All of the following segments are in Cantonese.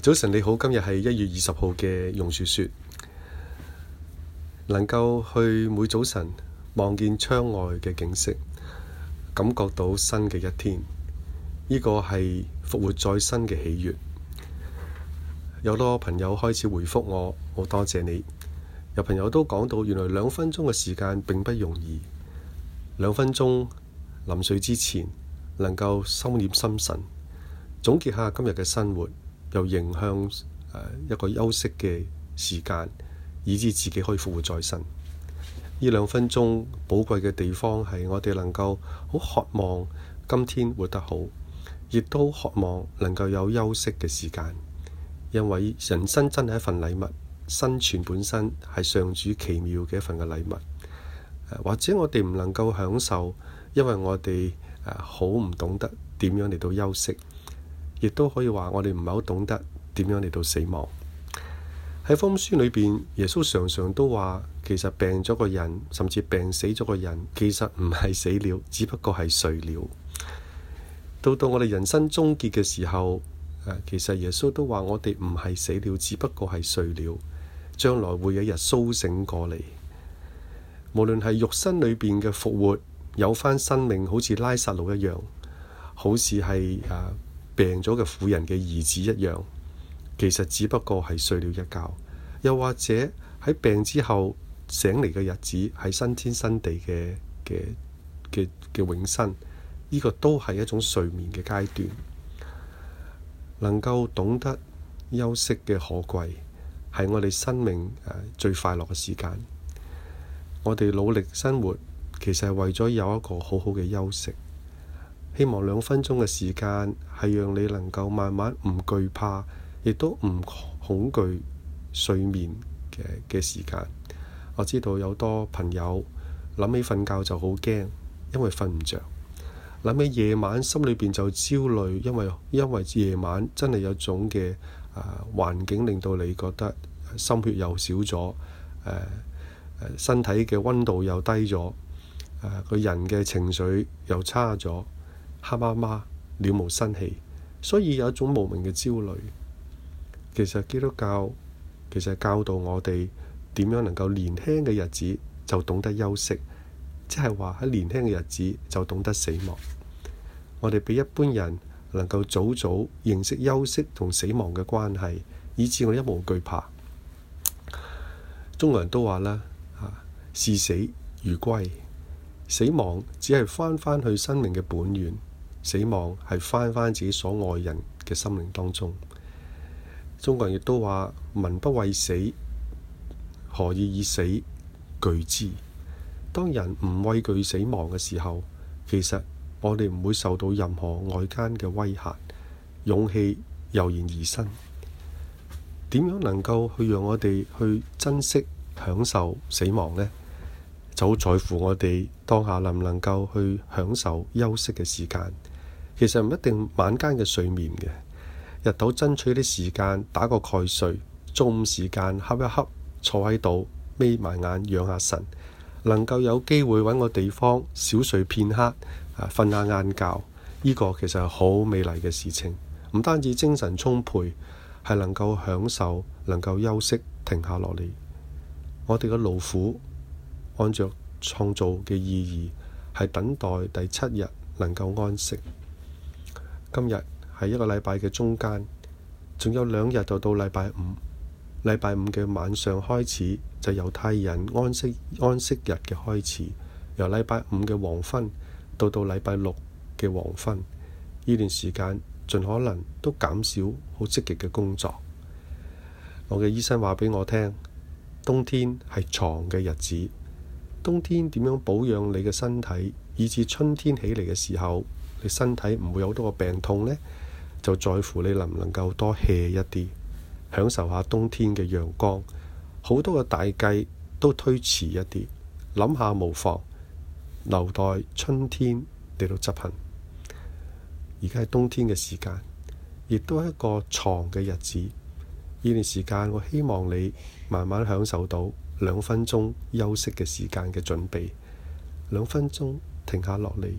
早晨你好，今日係一月二十號嘅榕樹說，能夠去每早晨望見窗外嘅景色，感覺到新嘅一天，呢、這個係復活再生嘅喜悅。有好多朋友開始回復我，好多謝你。有朋友都講到，原來兩分鐘嘅時間並不容易。兩分鐘臨睡之前，能夠收斂心神，總結下今日嘅生活。又迎向一個休息嘅時間，以致自己可以復活再生。呢兩分鐘寶貴嘅地方係我哋能夠好渴望今天活得好，亦都渴望能夠有休息嘅時間。因為人生真係一份禮物，生存本身係上主奇妙嘅一份嘅禮物。或者我哋唔能夠享受，因為我哋好唔懂得點樣嚟到休息。亦都可以話，我哋唔係好懂得點樣嚟到死亡。喺封書裏邊，耶穌常常都話，其實病咗個人，甚至病死咗個人，其實唔係死了，只不過係睡了。到到我哋人生終結嘅時候，啊，其實耶穌都話，我哋唔係死了，只不過係睡了，將來會有一日甦醒過嚟。無論係肉身裏邊嘅復活，有翻生命，好似拉撒路一樣，好似係啊。病咗嘅婦人嘅兒子一樣，其實只不過係睡了一覺，又或者喺病之後醒嚟嘅日子，係新天新地嘅嘅嘅嘅永生，呢、這個都係一種睡眠嘅階段。能夠懂得休息嘅可貴，係我哋生命最快樂嘅時間。我哋努力生活，其實係為咗有一個好好嘅休息。希望兩分鐘嘅時間係讓你能夠慢慢唔懼怕，亦都唔恐懼睡眠嘅嘅時間。我知道有多朋友諗起瞓覺就好驚，因為瞓唔着；諗起夜晚，心裏邊就焦慮，因為因為夜晚真係有種嘅誒環境令到你覺得心血又少咗、啊，身體嘅温度又低咗，誒、啊、個人嘅情緒又差咗。黑麻麻，了無生氣，所以有一種無名嘅焦慮。其實基督教其實教導我哋點樣能夠年輕嘅日子就懂得休息，即係話喺年輕嘅日子就懂得死亡。我哋比一般人能夠早早認識休息同死亡嘅關係，以致我一無懼怕。中國人都話啦，啊，視死如歸，死亡只係翻返去生命嘅本源。死亡係翻返自己所愛人嘅心靈當中。中國人亦都話：民不畏死，何以以死懼之？當人唔畏懼死亡嘅時候，其實我哋唔會受到任何外間嘅威嚇，勇氣油然而生。點樣能夠去讓我哋去珍惜、享受死亡呢？就好在乎我哋當下能唔能夠去享受休息嘅時間。其實唔一定晚間嘅睡眠嘅，日頭爭取啲時間打個蓋睡，中午時間瞌一瞌，坐喺度眯埋眼養下神，能夠有機會揾個地方小睡片刻，啊、呃、瞓下晏覺，呢個其實係好美麗嘅事情。唔單止精神充沛，係能夠享受，能夠休息，停下落嚟。我哋嘅勞苦按著創造嘅意義係等待第七日能夠安息。今日係一個禮拜嘅中間，仲有兩日就到禮拜五。禮拜五嘅晚上開始就猶太人安息安息日嘅開始，由禮拜五嘅黃昏到到禮拜六嘅黃昏。呢段時間盡可能都減少好積極嘅工作。我嘅醫生話俾我聽：冬天係床嘅日子，冬天點樣保養你嘅身體，以至春天起嚟嘅時候。你身體唔會有好多個病痛呢，就在乎你能唔能夠多歇一啲，享受下冬天嘅陽光。好多嘅大計都推遲一啲，諗下無妨，留待春天嚟到執行。而家係冬天嘅時間，亦都係一個長嘅日子。呢段時間，我希望你慢慢享受到兩分鐘休息嘅時間嘅準備，兩分鐘停下落嚟。.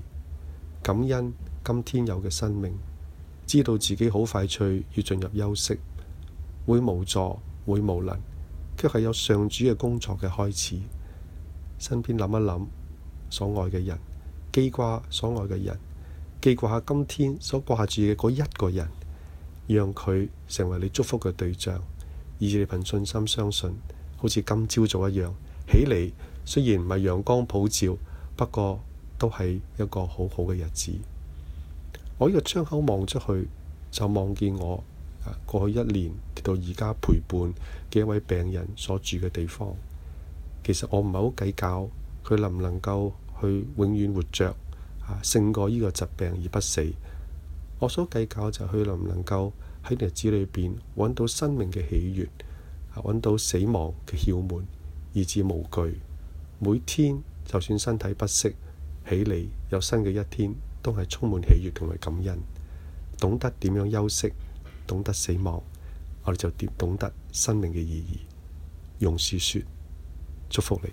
感恩今天有嘅生命，知道自己好快脆要進入休息，會無助，會無能，卻係有上主嘅工作嘅開始。身邊諗一諗所愛嘅人，人，記掛所愛嘅人，記掛下今天所掛住嘅嗰一個人，讓佢成為你祝福嘅對象，以致你憑信心相信，好似今朝早一樣，起嚟雖然唔係陽光普照，不過。都係一個好好嘅日子。我呢個窗口望出去，就望見我過去一年到而家陪伴嘅一位病人所住嘅地方。其實我唔係好計較佢能唔能夠去永遠活着，啊勝過呢個疾病而不死。我所計較就係佢能唔能夠喺日子裏邊揾到生命嘅喜悅，啊揾到死亡嘅竅門，以至無懼。每天就算身體不適。俾你有新嘅一天，都係充滿喜悦同埋感恩，懂得點樣休息，懂得死亡，我哋就點懂得生命嘅意義。容氏說，祝福你。